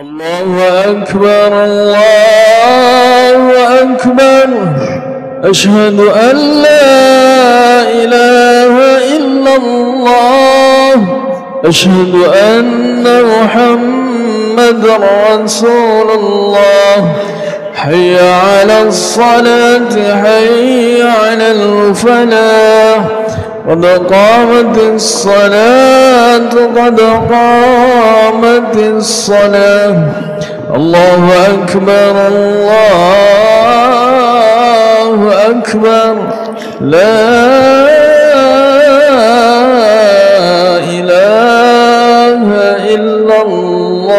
الله أكبر الله أكبر أشهد أن لا إله إلا الله أشهد أن محمد رسول الله حي على الصلاة حي على الفلاح قد قامت الصلاة قد قامت الصلاة الله أكبر الله أكبر لا إله إلا الله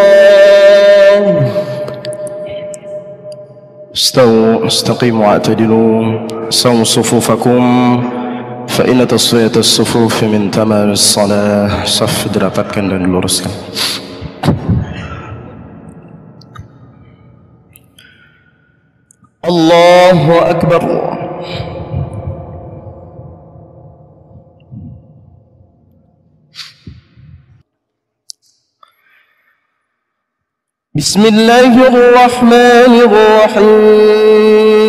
استووا استقيموا واعتدلوا سووا صفوفكم فإن تصفية الصفوف من تمام الصلاة صف درافك dan diluruskan الله أكبر بسم الله الرحمن الرحيم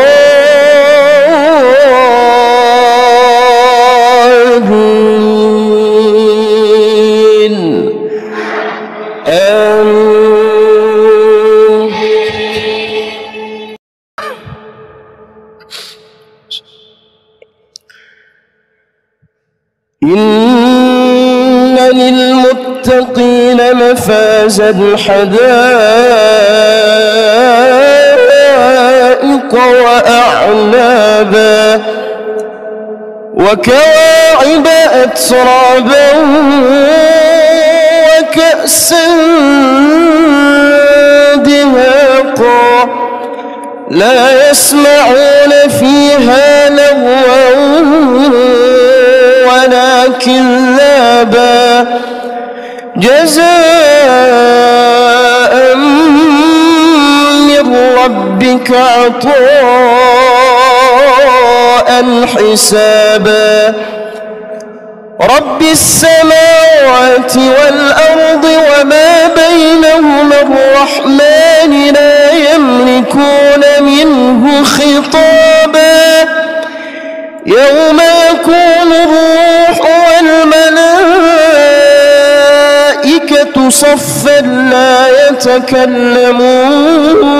إن للمتقين مفازا حدائق وأعنابا وكواعب أترابا وكأسا دهاقا لا يسمعون جزاء من ربك عطاء حسابا رب السماوات والأرض وما بينهما الرحمن لا يملكون منه خطابا يوم صفا لا يتكلمون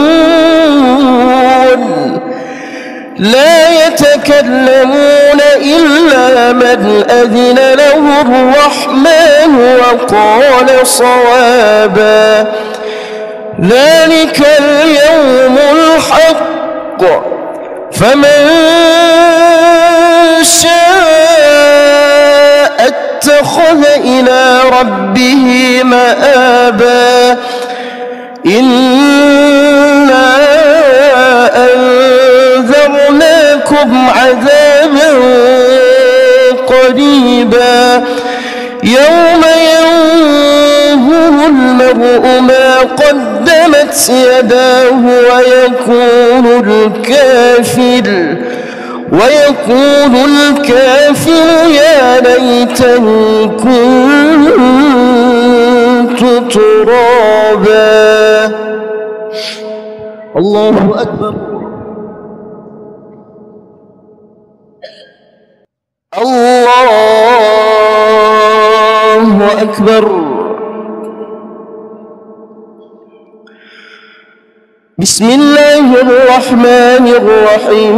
لا يتكلمون إلا من أذن له الرحمن وقال صوابا ذلك اليوم الحق فمن شاء اتخذ إلى ربه مآبا إنا أنذرناكم عذابا قريبا يوم ينظر المرء ما قدمت يداه ويقول الكافر ويقول الكافر يا ليتني ترابا الله أكبر الله أكبر بسم الله الرحمن الرحيم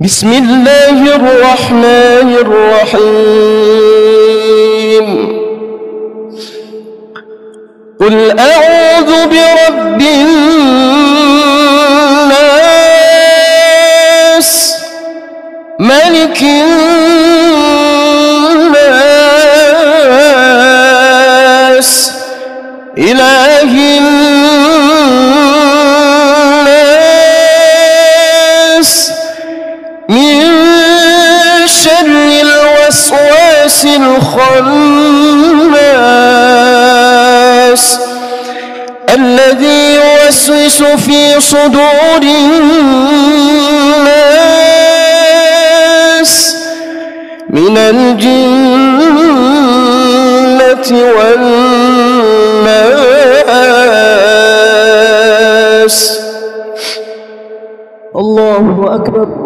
بسم الله الرحمن الرحيم قل أعوذ برب الخناس الذي يوسوس في صدور الناس من الجنة والناس الله أكبر